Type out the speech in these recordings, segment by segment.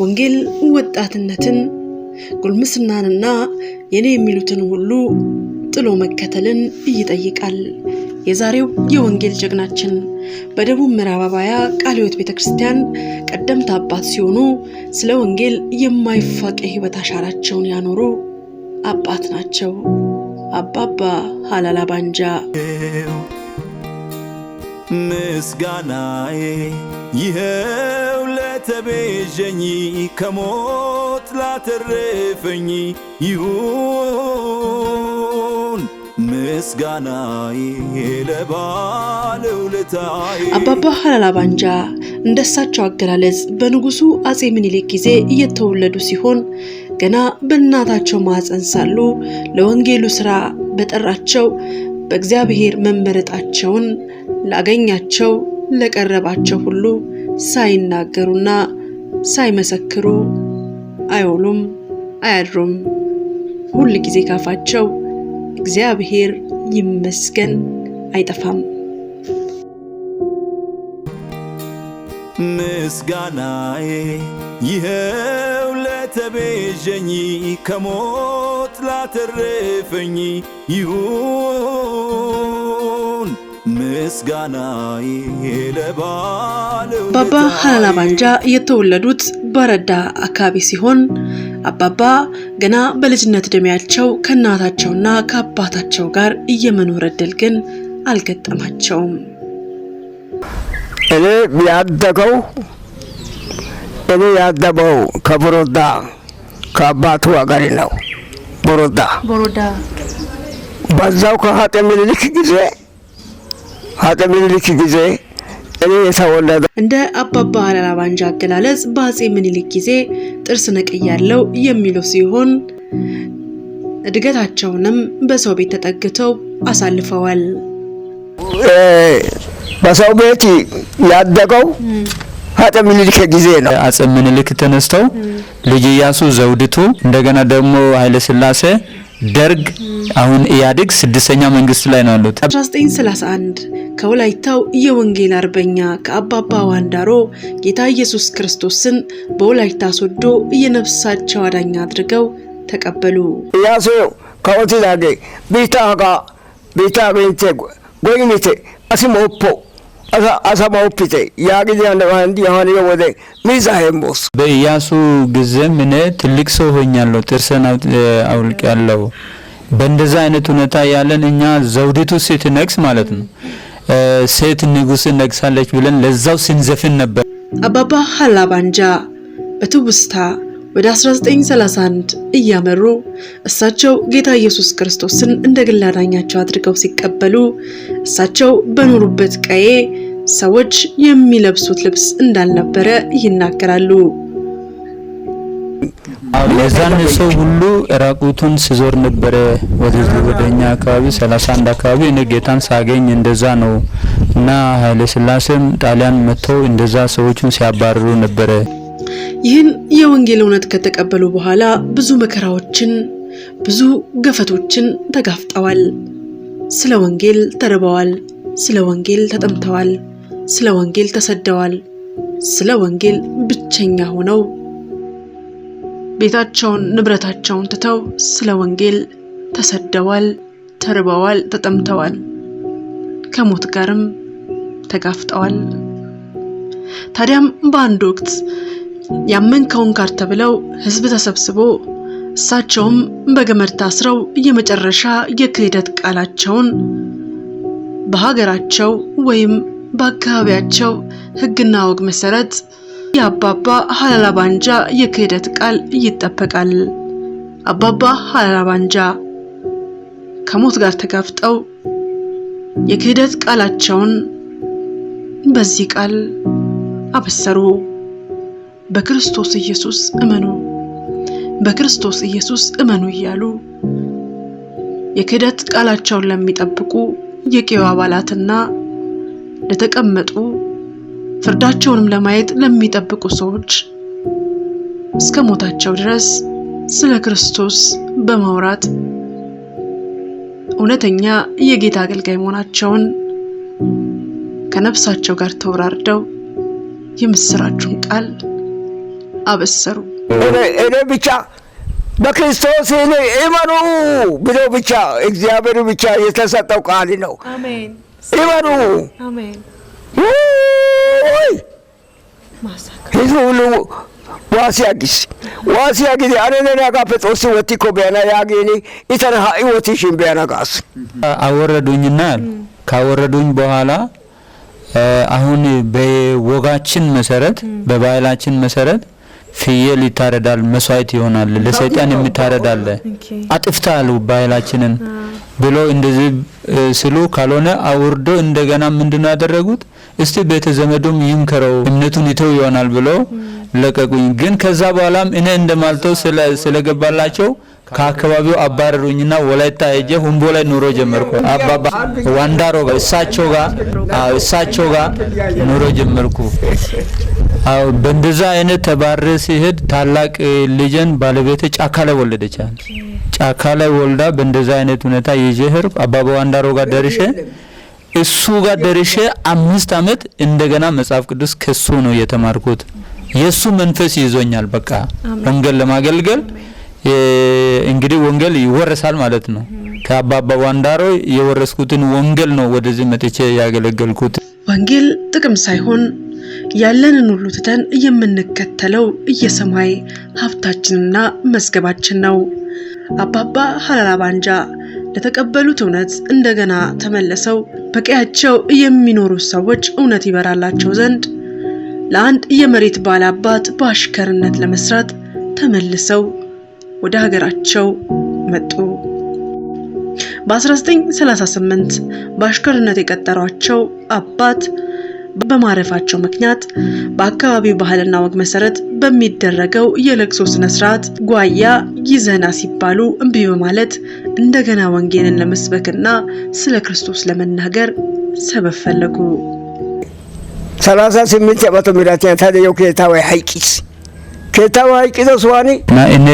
ወንጌል ወጣትነትን፣ ጉልምስናንና የኔ የሚሉትን ሁሉ ጥሎ መከተልን ይጠይቃል። የዛሬው የወንጌል ጀግናችን በደቡብ ምዕራብ አባያ ቃለ ሕይወት ቤተ ክርስቲያን ቀደምት አባት ሲሆኑ ስለ ወንጌል የማይፋቅ የሕይወት አሻራቸውን ያኖሩ አባት ናቸው። አባባ ሀላላ ባንጃ ምስጋናዬ ይኸው የተቤዠኝ ከሞት ላተረፈኝ ይሁን ምስጋናዬ ለባለውለታዬ። አባባ ሀላላ ባንጃ እንደሳቸው አገላለጽ በንጉሱ አጼ ምኒልክ ጊዜ እየተወለዱ ሲሆን ገና በእናታቸው ማኅፀን ሳሉ ለወንጌሉ ሥራ በጠራቸው በእግዚአብሔር መመረጣቸውን ላገኛቸው ለቀረባቸው ሁሉ ሳይናገሩና ሳይመሰክሩ አይውሉም አያድሩም። ሁል ጊዜ ካፋቸው እግዚአብሔር ይመስገን አይጠፋም። ምስጋናዬ ይኸው ለተቤዠኝ ከሞት ላተረፈኝ ይሁን አባባ ሀላላ ባንጃ የተወለዱት በረዳ አካባቢ ሲሆን አባባ ገና በልጅነት ዕድሜያቸው ከእናታቸውና ከአባታቸው ጋር እየመኖር ዕድል ግን አልገጠማቸውም። እኔ ያደገው እኔ ያደበው ከቦሮዳ ከአባቱ አገሬ ነው። ቦሮዳ ቦሮዳ በዛው ከአጤ ምኒልክ ጊዜ አጤ ምኒልክ ጊዜ እኔ የተወለደ እንደ አባባ ሀራራ ባንጃ አገላለጽ በአጼ ምኒልክ ጊዜ ጥርስ ነቅ ያለው የሚሉ ሲሆን እድገታቸውንም በሰው ቤት ተጠግተው አሳልፈዋል። በሰው ቤት ያደገው አጼ ምኒልክ ጊዜ ነው። አጼ ምኒልክ ተነስተው ልጅ ኢያሱ ዘውድቱ፣ እንደገና ደግሞ ኃይለስላሴ ደርግ አሁን ኢህአዴግ ስድስተኛ መንግስት ላይ ነው ያሉት። 1931 ከወላይታው የወንጌል አርበኛ ከአባባ ዋንዳሮ ጌታ ኢየሱስ ክርስቶስን በወላይታ ሶዶ የነፍሳቸው አዳኝ አድርገው ተቀበሉ። ያሴው ከኦቲላጌ ቢታጋ ቢታ ቤቴ ጎይኒቴ አሲሞፖ አሰባውፒቴ ያ ጊዜ አንድ የሆነ ወደ ሚዛ በኢያሱ ጊዜ ምን ትልቅ ሰው ሆኛለሁ፣ ጥርሰን አውልቄያለሁ። በእንደዛ አይነት ሁኔታ ያለን እኛ ዘውዲቱ ስትነግስ ማለት ነው ሴት ንጉስ ነግሳለች ብለን ለዛው ስንዘፍን ነበር። አባባ ሀላባንጃ በትውስታ ወደ 1931 እያመሩ እሳቸው ጌታ ኢየሱስ ክርስቶስን እንደ ግል አዳኛቸው አድርገው ሲቀበሉ እሳቸው በኖሩበት ቀዬ ሰዎች የሚለብሱት ልብስ እንዳልነበረ ይናገራሉ። የዛን ሰው ሁሉ ራቁቱን ስዞር ነበረ። ወደዚህ ወደኛ አካባቢ 31 አካባቢ እኔ ጌታን ሳገኝ እንደዛ ነው እና ኃይለ ስላሴም ጣሊያን መጥተው እንደዛ ሰዎችን ሲያባርሩ ነበረ። ይህን የወንጌል እውነት ከተቀበሉ በኋላ ብዙ መከራዎችን፣ ብዙ ገፈቶችን ተጋፍጠዋል። ስለ ወንጌል ተርበዋል። ስለ ወንጌል ተጠምተዋል። ስለ ወንጌል ተሰደዋል። ስለ ወንጌል ብቸኛ ሆነው ቤታቸውን፣ ንብረታቸውን ትተው ስለ ወንጌል ተሰደዋል፣ ተርበዋል፣ ተጠምተዋል። ከሞት ጋርም ተጋፍጠዋል። ታዲያም በአንድ ወቅት ያመንከውን ካር ተብለው ህዝብ ተሰብስቦ እሳቸውም በገመድ ታስረው የመጨረሻ የክህደት ቃላቸውን በሀገራቸው ወይም በአካባቢያቸው ህግና ወግ መሰረት የአባባ ሀላላ ባንጃ የክህደት ቃል ይጠበቃል። አባባ ሀላላ ባንጃ ከሞት ጋር ተጋፍጠው የክህደት ቃላቸውን በዚህ ቃል አበሰሩ። በክርስቶስ ኢየሱስ እመኑ፣ በክርስቶስ ኢየሱስ እመኑ እያሉ የክህደት ቃላቸውን ለሚጠብቁ የቄው አባላትና ለተቀመጡ ፍርዳቸውንም ለማየት ለሚጠብቁ ሰዎች እስከ ሞታቸው ድረስ ስለ ክርስቶስ በማውራት እውነተኛ የጌታ አገልጋይ መሆናቸውን ከነፍሳቸው ጋር ተወራርደው የምስራቹን ቃል አበሰሩ። እኔ ብቻ በክርስቶስ እኔ እመኑ ብሎ ብቻ እግዚአብሔር ብቻ የተሰጠው ቃል ነው። እመኑ ህዝቡ ሁሉ ዋሲ አጊስ ዋሲ አጊስ አነነና ጋ ጋፈ ወቲ ኮ ቢያና ኢተን ሀይ ወቲ ሽን ቢያና ጋስ አወረዱኝና ካወረዱኝ በኋላ አሁን በወጋችን መሰረት በባህላችን መሰረት ፍየል ይታረዳል፣ መስዋዕት ይሆናል፣ ለሰይጣን አጥፍታ አጥፍታሉ ባህላችንን ብሎ እንደዚህ ስሉ ካልሆነ አውርዶ እንደገና ምንድነው ያደረጉት? እስቲ ቤተ ዘመዱም ይምከረው እምነቱን ይተው ይሆናል ብሎ ለቀቁኝ። ግን ከዛ በኋላም እኔ እንደማልተው ስለገባላቸው ከአካባቢው አባረሩኝና ወላይታ ሄጄ ሁምቦ ላይ ኑሮ ጀመርኩ። አባባ ዋንዳሮ ጋር እሳቸው ጋር እሳቸው ጋር ኑሮ ጀመርኩ። አዎ በእንደዛ አይነት ተባረ ሲሄድ ታላቅ ልጅን ባለቤት ጫካ ላይ ወለደቻል ጫካ ላይ ወልዳ በእንደዛ አይነት ሁኔታ ይጀህር አባባ ወንዳሮ ጋር ደርሼ እሱ ጋር ደርሼ አምስት አመት እንደገና መጽሐፍ ቅዱስ ከሱ ነው የተማርኩት። የሱ መንፈስ ይዞኛል። በቃ ወንጌል ለማገልገል እንግዲህ ወንጌል ይወረሳል ማለት ነው። ከአባባ ዋንዳሮ የወረስኩትን ወንጌል ነው ወደዚህ መጥቼ ያገለገልኩት። ወንጌል ጥቅም ሳይሆን ያለንን ሁሉ ትተን የምንከተለው እየሰማይ ሀብታችንና መዝገባችን ነው። አባባ ሀላላ ባንጃ ለተቀበሉት እውነት እንደገና ተመለሰው በቀያቸው የሚኖሩ ሰዎች እውነት ይበራላቸው ዘንድ ለአንድ የመሬት አባት በአሽከርነት ለመስራት ተመልሰው ወደ ሀገራቸው መጡ። በ1938 በአሽከርነት የቀጠሯቸው አባት በማረፋቸው ምክንያት በአካባቢው ባህልና ወግ መሰረት በሚደረገው የለቅሶ ስነ ስርዓት ጓያ ይዘና ሲባሉ እምቢ በማለት እንደገና ወንጌልን ለመስበክና ስለ ክርስቶስ ለመናገር ሰበብ ፈለጉ። 38 ዓመተ ምህረት ያታደየው ጌታ ወይ ከታዋቂ ተስዋኒ እና እኔ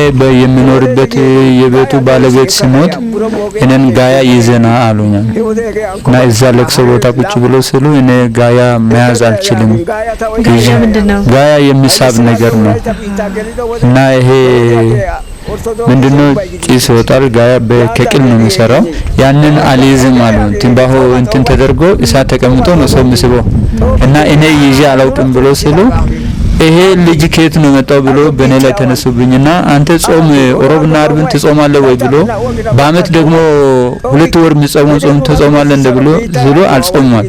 የምኖርበት የቤቱ ባለቤት ሲሞት እኔን ጋያ ይዘና አሉኝ እና እዛ ለቅሶ ቦታ ቁጭ ብሎ ስሉ እኔ ጋያ መያዝ አልችልም። ጋያ የሚሳብ ነገር ነው እና ይሄ ምንድነው ጭስ ይወጣል። ጋያ ከቅል ነው የሚሰራው። ያንን አልይዝም አሉ። ትንባሆ እንትን ተደርጎ እሳት ተቀምጦ ነው ሰው ምስቦ እና እኔ ይዤ አላውቅም ብሎ ስሉ ይሄ ልጅ ከየት ነው የመጣው ብሎ በእኔ ላይ ተነሱብኝና አንተ ጾም ሮብና አርብን ትጾማለህ ወይ ብሎ በአመት ደግሞ ሁለት ወር የሚጾመውን ጾም ትጾማለህ እንደ ብሎ ዝሎ አልጾሟል።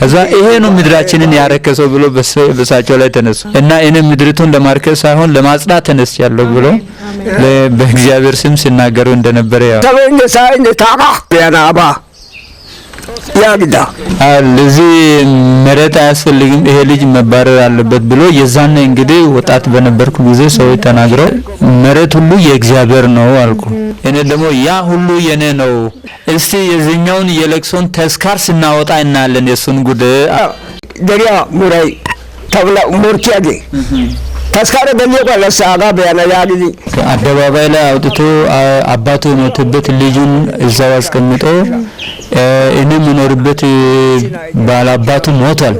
ከዛ ይሄ ነው ምድራችንን ያረከሰው ብሎ በሳቸው ላይ ተነሱ እና እኔ ምድሪቱን ለማርከስ ሳይሆን ለማጽዳት ተነስቻለሁ ብሎ በእግዚአብሔር ስም ሲናገሩ እንደነበረ ያው ያግዳ እዚህ ምሬት አያስፈልግም፣ ይሄ ልጅ መባረር አለበት ብሎ የዛን እንግዲህ ወጣት በነበርኩ ጊዜ ሰዎች ተናግረው መሬት ሁሉ የእግዚአብሔር ነው አልኩ። እኔ ደግሞ ያ ሁሉ የኔ ነው፣ እስቲ የዚኛውን የለቅሶን ተስካር ስናወጣ እናያለን የሱን ጉድ ገሪያ ሙራይ ተብላ ሞርኪያጌ ተስካረ ደምቆ ለሳጋ በያነያ ጊዜ አደባባይ ላይ አውጥቶ አባቱ የሞተበት ልጁን እዛው አስቀምጦ እኔ የምኖርበት ባላባቱ ሞቷል።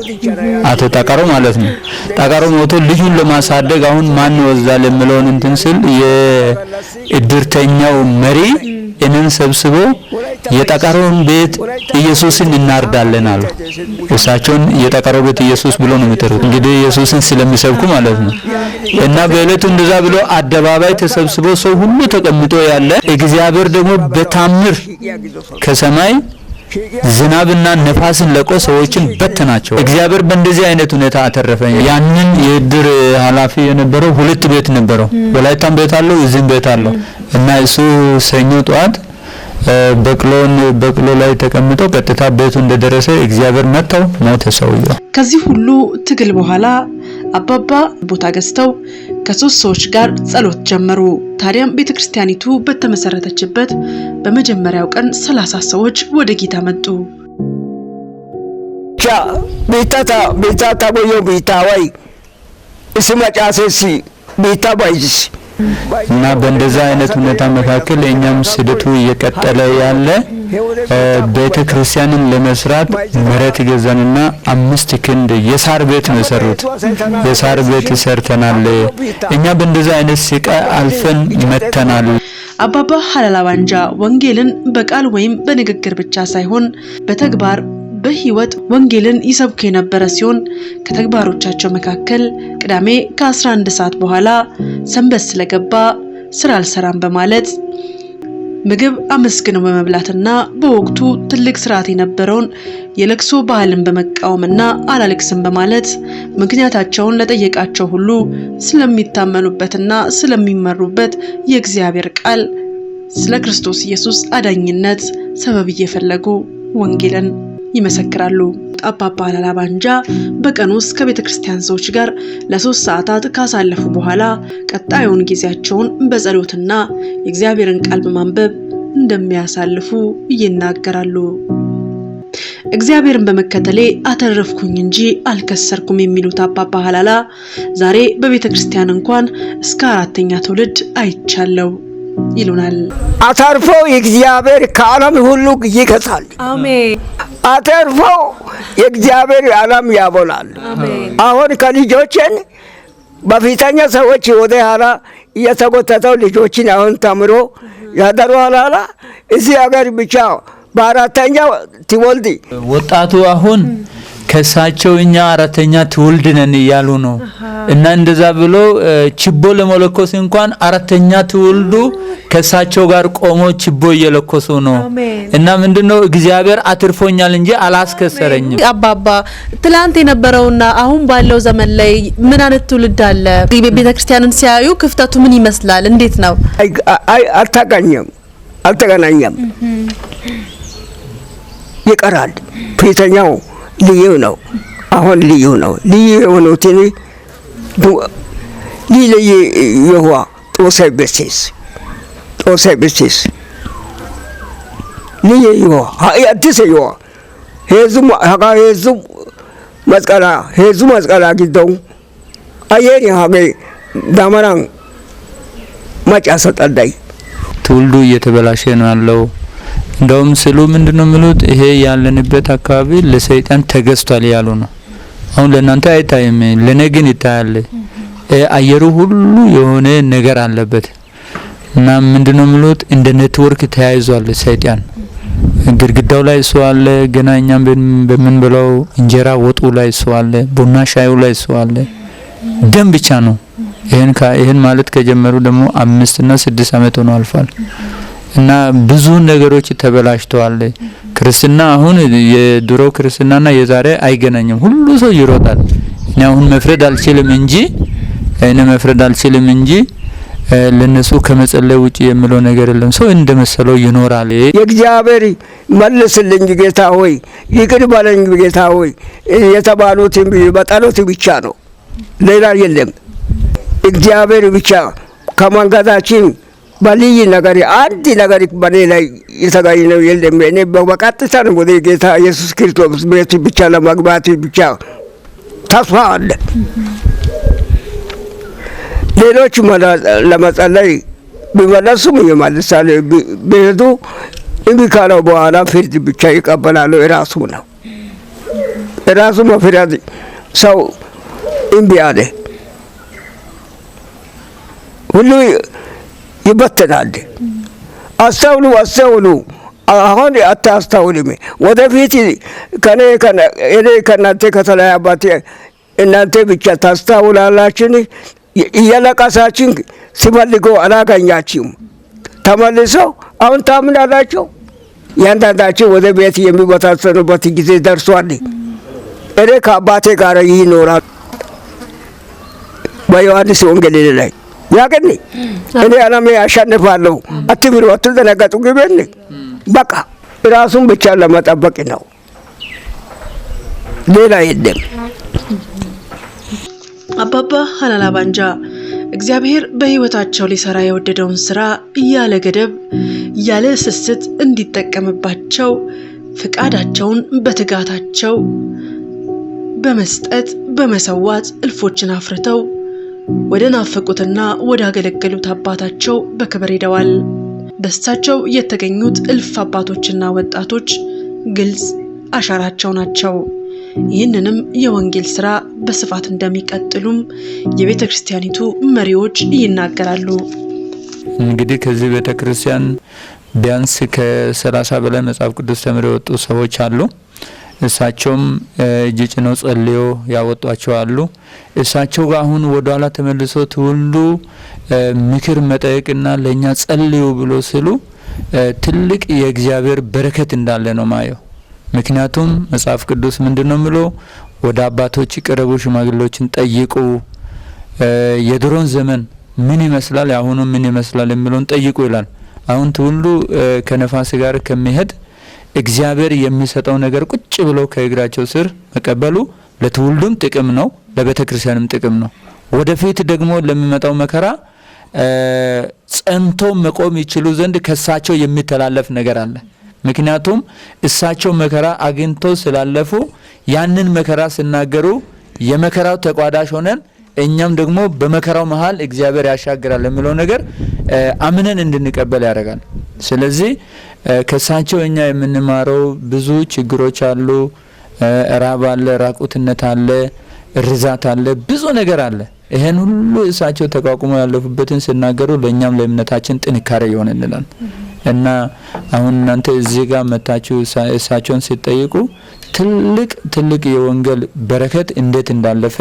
አቶ ጠቀሮ ማለት ነው። ጠቀሮ ሞቶ ልጁን ለማሳደግ አሁን ማን ይወዛል የምለውን እንትን ስል የእድርተኛው መሪ እንን ሰብስቦ የጠቀሮን ቤት ኢየሱስን እናርዳለን አሉ። እሳቸውን የጠቀሮ ቤት ኢየሱስ ብሎ ነው የሚጠሩት። እንግዲህ ኢየሱስን ስለሚሰብኩ ማለት ነው። እና በእለቱ እንደዛ ብሎ አደባባይ ተሰብስቦ ሰው ሁሉ ተቀምጦ ያለ እግዚአብሔር ደግሞ በታምር ከሰማይ ዝናብና ነፋስን ለቆ ሰዎችን በተናቸው። እግዚአብሔር በእንደዚህ አይነት ሁኔታ አተረፈኝ። ያንን የእድር ኃላፊ የነበረው ሁለት ቤት ነበረው፣ ወላይታም ቤት አለው፣ እዚህም ቤት አለው እና እሱ ሰኞ ጠዋት በቅሎን በቅሎ ላይ ተቀምጦ ቀጥታ ቤቱ እንደደረሰ እግዚአብሔር መታው፣ ሞተ ሰውየው። ከዚህ ሁሉ ትግል በኋላ አባባ ቦታ ገዝተው ከሶስት ሰዎች ጋር ጸሎት ጀመሩ። ታዲያም ቤተ ክርስቲያኒቱ በተመሰረተችበት በመጀመሪያው ቀን ሰላሳ ሰዎች ወደ ጌታ መጡ። ቤታታ ቤታታ ቤታ ወይ እስመ ቤታ ባይጅስ እና በእንደዛ አይነት ሁኔታ መካከል እኛም ስደቱ እየቀጠለ ያለ ቤተ ክርስቲያንን ለመስራት መሬት ገዛንና አምስት ክንድ የሳር ቤት ነው የሰሩት። የሳር ቤት ሰርተናል። እኛ በእንደዛ አይነት ስቃይ አልፈን መተናል። አባባ ሀለላ ባንጃ ወንጌልን በቃል ወይም በንግግር ብቻ ሳይሆን በተግባር በህይወት ወንጌልን ይሰብኩ የነበረ ሲሆን ከተግባሮቻቸው መካከል ቅዳሜ ከ11 ሰዓት በኋላ ሰንበት ስለገባ ስራ አልሰራም በማለት ምግብ አመስግነው በመብላትና በወቅቱ ትልቅ ስርዓት የነበረውን የለቅሶ ባህልን በመቃወምና አላለቅስም በማለት ምክንያታቸውን ለጠየቃቸው ሁሉ ስለሚታመኑበትና ስለሚመሩበት የእግዚአብሔር ቃል ስለ ክርስቶስ ኢየሱስ አዳኝነት ሰበብ እየፈለጉ ወንጌልን ይመሰክራሉ። አባባ ባንጃ በቀን ውስጥ ከቤተ ክርስቲያን ሰዎች ጋር ለሶስት ሰዓታት ካሳለፉ በኋላ ቀጣዩን ጊዜያቸውን በጸሎትና የእግዚአብሔርን ቃል በማንበብ እንደሚያሳልፉ ይናገራሉ። እግዚአብሔርን በመከተሌ አተረፍኩኝ እንጂ አልከሰርኩም የሚሉት አባባ ሀላላ ዛሬ በቤተ ክርስቲያን እንኳን እስከ አራተኛ ትውልድ አይቻለው ይሉናል። አተርፎ የእግዚአብሔር ከዓለም ሁሉ ይገዛል። አሜን። አተርፈው የእግዚአብሔር ዓለም ያበላል። አሁን ከልጆችን በፊተኛ ሰዎች ወደ ኋላ እየተጎተተው ልጆችን አሁን ተምሮ ያደሩ ኋላ እዚህ ሀገር ብቻ በአራተኛ ትወልድ ወጣቱ አሁን ከእሳቸው እኛ አራተኛ ትውልድ ነን እያሉ ነው። እና እንደዛ ብሎ ችቦ ለመለኮስ እንኳን አራተኛ ትውልዱ ከእሳቸው ጋር ቆሞ ችቦ እየለኮሱ ነው። እና ምንድነው እግዚአብሔር አትርፎኛል እንጂ አላስከሰረኝም። አባባ ትላንት የነበረውና አሁን ባለው ዘመን ላይ ምን አይነት ትውልድ አለ? ቤተ ክርስቲያንን ሲያዩ ክፍተቱ ምን ይመስላል? እንዴት ነው? አልተገኘም አልተገናኘም ይቀራል ፊተኛው ልዩ ነው። አሁን ልዩ ነው። ልዩ የሆኑትን ሊለይ የዋ ጦሳይ በሴስ ጦሳይ በሴስ ልዩ የዋ አዲስ የዋ ሄዙ ሀጋ ሄዙ መስቀላ ሄዙ መስቀላ ጊደው አየር ሀገ ዳመራን ማጫ ሰጠዳይ ትውልዱ እየተበላሸ ነው ያለው። እንደውም ስሉ ምንድነው የሚሉት ይሄ ያለንበት አካባቢ ለሰይጣን ተገዝቷል ያሉ ነው። አሁን ለእናንተ አይታይም፣ ለእኔ ግን ይታያል። አየሩ ሁሉ የሆነ ነገር አለበት እና ምንድነው የሚሉት እንደ ኔትወርክ ተያይዟል ሰይጣን ግድግዳው ላይ እሱ አለ። ገና እኛም በምንበላው እንጀራ ወጡ ላይ እሱ አለ። ቡና ሻዩ ላይ እሱ አለ። ደም ብቻ ነው። ይሄን ማለት ከጀመሩ ደግሞ አምስትና ስድስት አመት ሆኖ አልፏል። እና ብዙ ነገሮች ተበላሽተዋል። ክርስትና አሁን የድሮ ክርስትናና የዛሬ አይገናኝም። ሁሉ ሰው ይሮጣል። እኔ አሁን መፍረድ አልችልም እንጂ እኔ መፍረድ አልችልም እንጂ ለነሱ ከመጸለይ ውጪ የምለው ነገር የለም። ሰው እንደመሰለው ይኖራል። የእግዚአብሔር መልስልኝ ጌታ ሆይ፣ ይቅር በለኝ ጌታ ሆይ የተባሉት በጸሎት ብቻ ነው፣ ሌላ የለም። እግዚአብሔር ብቻ ከመንገዳችን በልይ ነገር አንድ ነገር በሌላ የተገኘው የለም። እኔ በቀጥታ ነው ወደ ጌታ ኢየሱስ ክርስቶስ ቤት ብቻ ለመግባት ብቻ ተስፋ አለ። ሌሎች ለመጸለይ ቢመለሱም ይመልሳሉ፣ ቢሄዱ እምቢ ካለው በኋላ ፍርድ ብቻ ይቀበላሉ። የራሱ ነው የራሱ መፍረድ። ሰው እምቢ አለ ሁሉ ይበተናል። አስተውሉ አስተውሉ። አሁን አታስተውልም። ወደፊት እኔ ከእናንተ ከተለያባት እናንተ ብቻ ታስታውላላችን። እየለቀሳችን ሲፈልገው አላገኛችም። ተመልሶ አሁን ታምናላቸው። ያንዳንዳችን ወደ ቤት የሚበታተኑበት ጊዜ ደርሷል። እኔ ከአባቴ ጋር ይኖራል በዮሐንስ ወንጌል ላይ ያቅን እኔ አለም ያሸንፋለሁ፣ አትፍሩ፣ አትዘነጋጡ ግቤን በቃ ራሱን ብቻ ለመጠበቅ ነው፣ ሌላ የለም። አባባ ሀላላ ባንጃ እግዚአብሔር በህይወታቸው ሊሰራ የወደደውን ስራ እያለ ገደብ እያለ ስስት እንዲጠቀምባቸው ፍቃዳቸውን በትጋታቸው በመስጠት በመሰዋት እልፎችን አፍርተው ወደ ናፈቁትና ወደ አገለገሉት አባታቸው በክብር ሄደዋል። በእሳቸው የተገኙት እልፍ አባቶችና ወጣቶች ግልጽ አሻራቸው ናቸው። ይህንንም የወንጌል ስራ በስፋት እንደሚቀጥሉም የቤተ ክርስቲያኒቱ መሪዎች ይናገራሉ። እንግዲህ ከዚህ ቤተ ክርስቲያን ቢያንስ ከሰላሳ በላይ መጽሐፍ ቅዱስ ተምረው የወጡ ሰዎች አሉ። እሳቸውም እጅ ጭነው ጸልዮ ያወጧቸው አሉ። እሳቸው ጋር አሁን ኋላ ተመልሶ ትውልዱ ምክር መጠየቅና ለእኛ ጸልዩ ብሎ ስሉ ትልቅ የእግዚአብሔር በረከት እንዳለ ነው ማየው። ምክንያቱም መጽሐፍ ቅዱስ ምንድን ነው ምሎ ወደ አባቶች ቅረቡ፣ ሽማግሌዎችን ጠይቁ፣ የድሮን ዘመን ምን ይመስላል፣ የአሁኑ ምን ይመስላል የሚለውን ጠይቁ ይላል። አሁን ትውልዱ ከነፋስ ጋር ከሚሄድ እግዚአብሔር የሚሰጠው ነገር ቁጭ ብሎ ከእግራቸው ስር መቀበሉ ለትውልዱም ጥቅም ነው፣ ለቤተ ክርስቲያንም ጥቅም ነው። ወደፊት ደግሞ ለሚመጣው መከራ ጸንቶ መቆም ይችሉ ዘንድ ከእሳቸው የሚተላለፍ ነገር አለ። ምክንያቱም እሳቸው መከራ አግኝቶ ስላለፉ ያንን መከራ ሲናገሩ የመከራው ተቋዳሽ ሆነን እኛም ደግሞ በመከራው መሀል እግዚአብሔር ያሻግራል የሚለው ነገር አምነን እንድንቀበል ያደርጋል። ስለዚህ ከሳቸው እኛ የምንማረው ብዙ ችግሮች አሉ። ራብ አለ፣ ራቁትነት አለ፣ ርዛት አለ፣ ብዙ ነገር አለ። ይህን ሁሉ እሳቸው ተቋቁሞ ያለፉበትን ስናገሩ ለእኛም ለእምነታችን ጥንካሬ ይሆንልናል እና አሁን እናንተ እዚህ ጋር መታችሁ እሳቸውን ሲጠይቁ ትልቅ ትልቅ የወንጌል በረከት እንዴት እንዳለፈ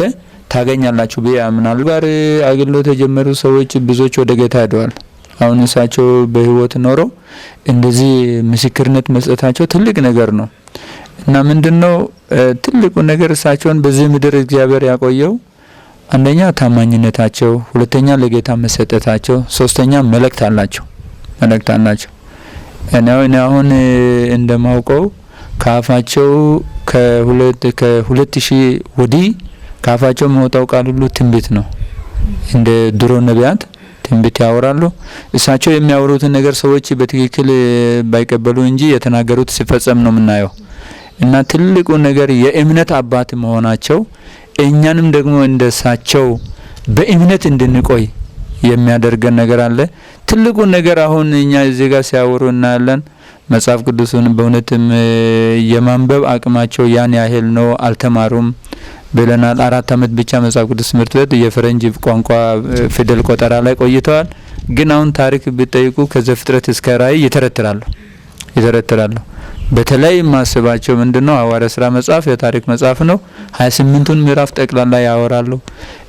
ታገኛላችሁ ብዬ አምናለሁ። ጋር አገልግሎት የጀመሩ ሰዎች ብዙዎች ወደ ጌታ ሄደዋል። አሁን እሳቸው በህይወት ኖረው እንደዚህ ምስክርነት መስጠታቸው ትልቅ ነገር ነው እና ምንድነው ትልቁ ነገር እሳቸውን በዚህ ምድር እግዚአብሔር ያቆየው አንደኛ ታማኝነታቸው፣ ሁለተኛ ለጌታ መሰጠታቸው፣ ሶስተኛ መልእክት አላቸው መልእክት አላቸው። እኔ አሁን እንደማውቀው ከአፋቸው ከሁለት ከሁለት ሺህ ወዲህ ከአፋቸው መውጣው ቃል ሁሉ ትንቢት ነው። እንደ ድሮ ነቢያት ትንቢት ያወራሉ። እሳቸው የሚያወሩትን ነገር ሰዎች በትክክል ባይቀበሉ እንጂ የተናገሩት ሲፈጸም ነው የምናየው። እና ትልቁ ነገር የእምነት አባት መሆናቸው እኛንም ደግሞ እንደ እሳቸው በእምነት እንድንቆይ የሚያደርገን ነገር አለ። ትልቁ ነገር አሁን እኛ እዚህ ጋር ሲያወሩ እናያለን። መጽሐፍ ቅዱስን በእውነትም የማንበብ አቅማቸው ያን ያህል ነው፣ አልተማሩም ብለናል። አራት አመት ብቻ መጽሐፍ ቅዱስ ትምህርት ቤት የፈረንጅ ቋንቋ ፊደል ቆጠራ ላይ ቆይተዋል። ግን አሁን ታሪክ ቢጠይቁ ከዘፍጥረት እስከ ራእይ ይተረትራሉ ይተረትራሉ። በተለይ ማስባቸው ምንድነው? ሐዋርያ ስራ መጽሐፍ የታሪክ መጽሐፍ ነው። 28ቱን ምዕራፍ ጠቅላላ ያወራሉ።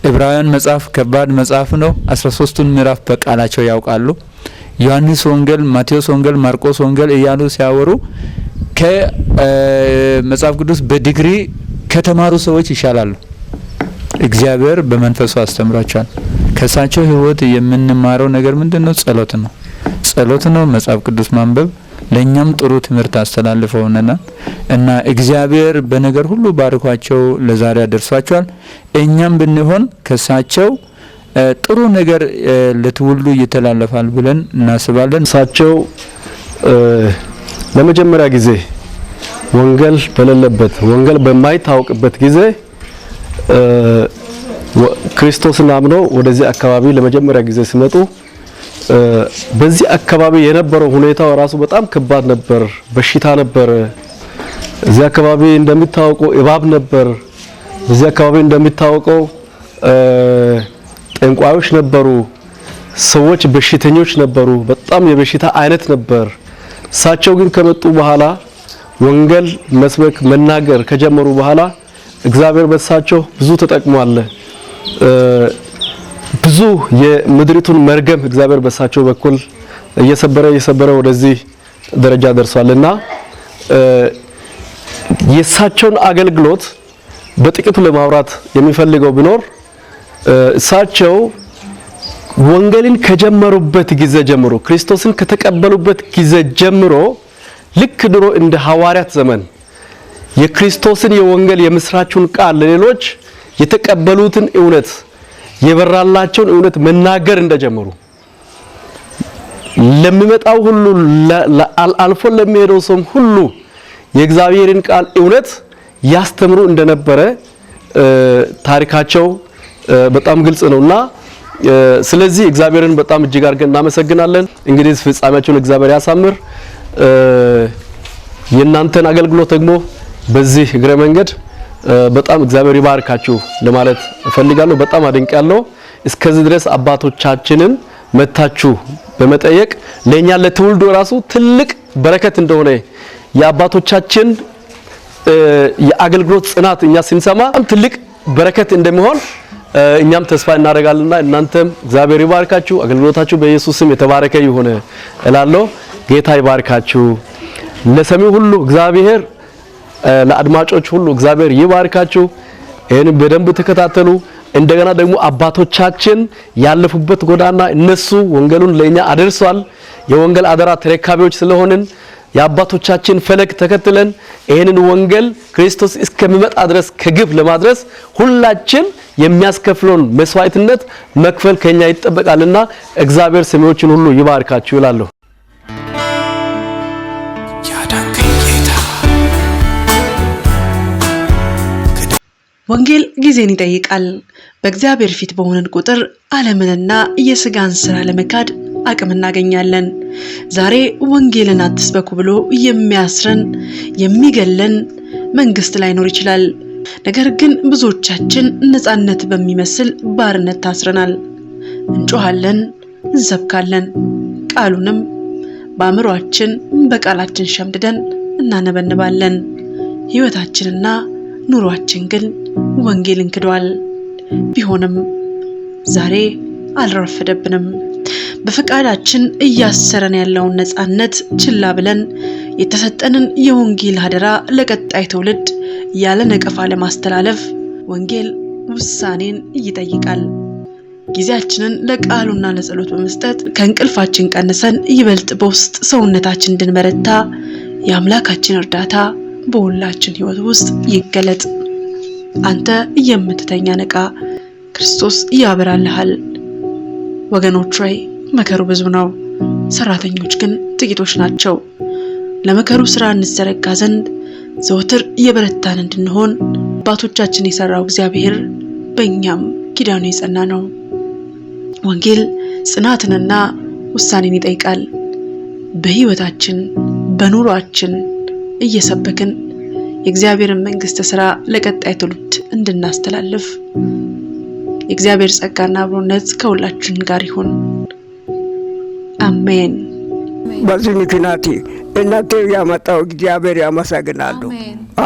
ዕብራውያን መጽሐፍ ከባድ መጽሐፍ ነው። 13ቱን ምዕራፍ በቃላቸው ያውቃሉ። ዮሐንስ ወንጌል፣ ማቴዎስ ወንጌል፣ ማርቆስ ወንጌል እያሉ ሲያወሩ ከመጽሐፍ ቅዱስ በዲግሪ ከተማሩ ሰዎች ይሻላሉ። እግዚአብሔር በመንፈሱ አስተምሯቸዋል። ከእሳቸው ህይወት የምንማረው ነገር ምንድን ነው? ጸሎት ነው። ጸሎት ነው መጽሐፍ ቅዱስ ማንበብ ለእኛም ጥሩ ትምህርት አስተላልፈውናል እና እግዚአብሔር በነገር ሁሉ ባርኳቸው ለዛሬ አደርሷቸዋል። እኛም ብንሆን ከእሳቸው ጥሩ ነገር ለትውልዱ ይተላለፋል ብለን እናስባለን። እሳቸው ለመጀመሪያ ጊዜ ወንጌል በሌለበት ወንጌል በማይታወቅበት ጊዜ ክርስቶስን አምነው ወደዚህ አካባቢ ለመጀመሪያ ጊዜ ሲመጡ በዚህ አካባቢ የነበረው ሁኔታው ራሱ በጣም ከባድ ነበር። በሽታ ነበር። እዚህ አካባቢ እንደሚታወቀው እባብ ነበር። በዚህ አካባቢ እንደሚታወቀው ጠንቋዮች ነበሩ። ሰዎች በሽተኞች ነበሩ። በጣም የበሽታ አይነት ነበር። እሳቸው ግን ከመጡ በኋላ ወንጌል መስበክ መናገር ከጀመሩ በኋላ እግዚአብሔር በሳቸው ብዙ ተጠቅሟል። ብዙ የምድሪቱን መርገም እግዚአብሔር በሳቸው በኩል እየሰበረ እየሰበረ ወደዚህ ደረጃ ደርሷልና የእሳቸውን አገልግሎት በጥቂቱ ለማውራት የሚፈልገው ቢኖር እሳቸው ወንጌልን ከጀመሩበት ጊዜ ጀምሮ ክርስቶስን ከተቀበሉበት ጊዜ ጀምሮ ልክ ድሮ እንደ ሐዋርያት ዘመን የክርስቶስን የወንጌል የምስራቹን ቃል ለሌሎች የተቀበሉትን እውነት የበራላቸውን እውነት መናገር እንደጀመሩ ለሚመጣው ሁሉ አልፎ ለሚሄደው ሰውም ሁሉ የእግዚአብሔርን ቃል እውነት ያስተምሩ እንደነበረ ታሪካቸው በጣም ግልጽ ነውና ስለዚህ እግዚአብሔርን በጣም እጅግ አድርገን እናመሰግናለን። እንግዲህ ፍጻሜያቸውን እግዚአብሔር ያሳምር። የእናንተን አገልግሎት ደግሞ በዚህ እግረ መንገድ በጣም እግዚአብሔር ይባርካችሁ ለማለት እፈልጋለሁ። በጣም አድንቅ እስከዚህ ድረስ አባቶቻችንን መታችሁ በመጠየቅ ለኛ ለትውልዱ ራሱ ትልቅ በረከት እንደሆነ የአባቶቻችን የአገልግሎት ጽናት እኛ ስንሰማ ትልቅ በረከት እንደሚሆን እኛም ተስፋ እናደርጋለንና እናንተም እግዚአብሔር ይባርካችሁ፣ አገልግሎታችሁ በኢየሱስ ስም የተባረከ ይሁን እላለሁ። ጌታ ይባርካችሁ። ለሰሚው ሁሉ እግዚአብሔር ለአድማጮች ሁሉ እግዚአብሔር ይባርካችሁ። ይህን በደንብ ተከታተሉ። እንደገና ደግሞ አባቶቻችን ያለፉበት ጎዳና እነሱ ወንጌሉን ለኛ አደርሷል። የወንጌል አደራ ተረካቢዎች ስለሆንን የአባቶቻችን ፈለግ ተከትለን ይህንን ወንጌል ክርስቶስ እስከሚመጣ ድረስ ከግብ ለማድረስ ሁላችን የሚያስከፍለውን መስዋዕትነት መክፈል ከኛ ይጠበቃልና እግዚአብሔር ሰሚዎችን ሁሉ ይባርካችሁ ይላለሁ። ወንጌል ጊዜን ይጠይቃል። በእግዚአብሔር ፊት በሆነን ቁጥር ዓለምንና የሥጋን ሥራ ለመካድ አቅም እናገኛለን። ዛሬ ወንጌልን አትስበኩ ብሎ የሚያስረን የሚገለን መንግሥት ላይኖር ይችላል። ነገር ግን ብዙዎቻችን ነፃነት በሚመስል ባርነት ታስረናል። እንጮኋለን፣ እንሰብካለን፣ ቃሉንም በአእምሯችን በቃላችን ሸምድደን እናነበንባለን። ሕይወታችንና ኑሯችን ግን ወንጌል እንክዷል። ቢሆንም ዛሬ አልረፈደብንም። በፈቃዳችን እያሰረን ያለውን ነፃነት ችላ ብለን የተሰጠንን የወንጌል አደራ ለቀጣይ ትውልድ ያለ ነቀፋ ለማስተላለፍ ወንጌል ውሳኔን ይጠይቃል። ጊዜያችንን ለቃሉና ለጸሎት በመስጠት ከእንቅልፋችን ቀንሰን ይበልጥ በውስጥ ሰውነታችን እንድንበረታ የአምላካችን እርዳታ በሁላችን ሕይወት ውስጥ ይገለጥ። አንተ የምትተኛ ነቃ፣ ክርስቶስ ያበራልሃል። ወገኖች ሆይ መከሩ ብዙ ነው፣ ሰራተኞች ግን ጥቂቶች ናቸው። ለመከሩ ሥራ እንዘረጋ ዘንድ ዘወትር የበረታን እንድንሆን አባቶቻችን የሰራው እግዚአብሔር በእኛም ኪዳኑ የጸና ነው። ወንጌል ጽናትንና ውሳኔን ይጠይቃል። በሕይወታችን በኑሯችን እየሰበክን የእግዚአብሔርን መንግስት ስራ ለቀጣይ ትውልድ እንድናስተላልፍ የእግዚአብሔር ጸጋና አብሮነት ከሁላችን ጋር ይሁን። አሜን። በዚህ ምክንያት እናቴ ያመጣው እግዚአብሔር ያመሰግናሉ።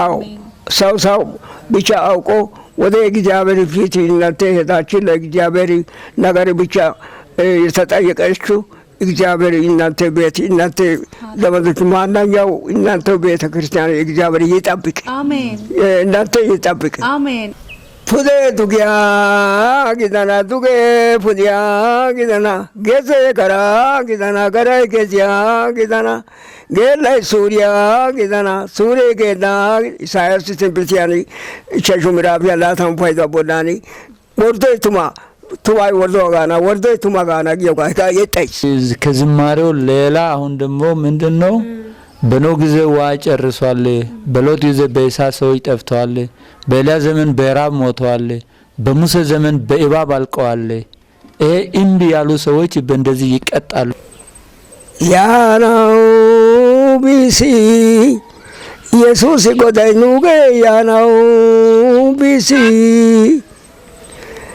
አዎ ሰው ሰው ብቻ አውቆ ወደ እግዚአብሔር ፊት እናቴ ሄዳችን ለእግዚአብሔር ነገር ብቻ የተጠየቀችው እግዚአብሔር እናንተ ቤት እናንተ ለመዶች ማናኛው እናንተ ቤተ ክርስቲያን እግዚአብሔር ይጠብቅ፣ እናንተ ይጠብቅ። 푸대 두기야 기다나 두개 푸디야 기다나 개세 가라 기다나 가라 개지야 기다나 गेला सूर्या के दाना सूर्य के ना सायर से सिंपल से यानी छह सौ मेरा भी अल्लाह था फायदा बोला नहीं बोलते तुम्हारा ቱባይ ወርዶ ጋና ወርዶ ቱማ ጋና ከዝማሬው ሌላ አሁን ደግሞ ምንድን ነው? በኖ ጊዜ ውሃ ጨርሷል። በሎጥ ጊዜ በእሳት ሰዎች ጠፍተዋል። በኤልያስ ዘመን በራብ ሞተዋል። በሙሴ ዘመን በእባብ አልቀዋል። ይሄ እምቢ ያሉ ሰዎች በእንደዚህ ይቀጣሉ። ያናው ቢሲ ኢየሱስ ጎዳይ ኑገ ያናው ቢሲ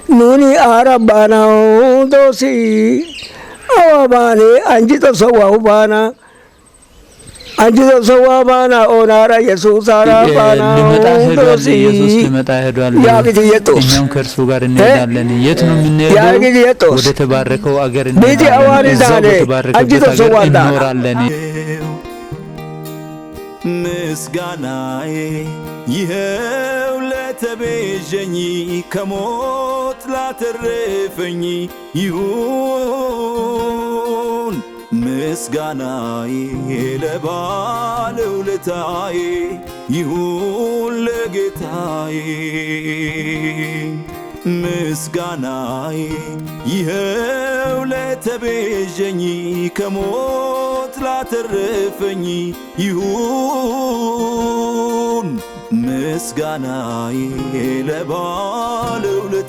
nuuni aara baanaw doosii awa baane anjito sowahu baana አንጅቶ ሰዋ ባና ኦናራ ኢየሱስ አራ ባና ኢየሱስ ሊመጣ ሄዷል። እኛም ከእርሱ ጋር እንሄዳለን። የት ነው የምንሄደው? ወደ ተባረከው አገር እንኖራለን። ምስጋናዬ ይኸው የተቤዠኝ ከሞት ላተረፈኝ ይሁን ምስጋናዬ ለባለ ውለታዬ ይሁን ለጌታዬ ምስጋናዬ ይኸው ለተቤዠኝ ከሞት ላተረፈኝ ይሁን ምስጋና ለባለ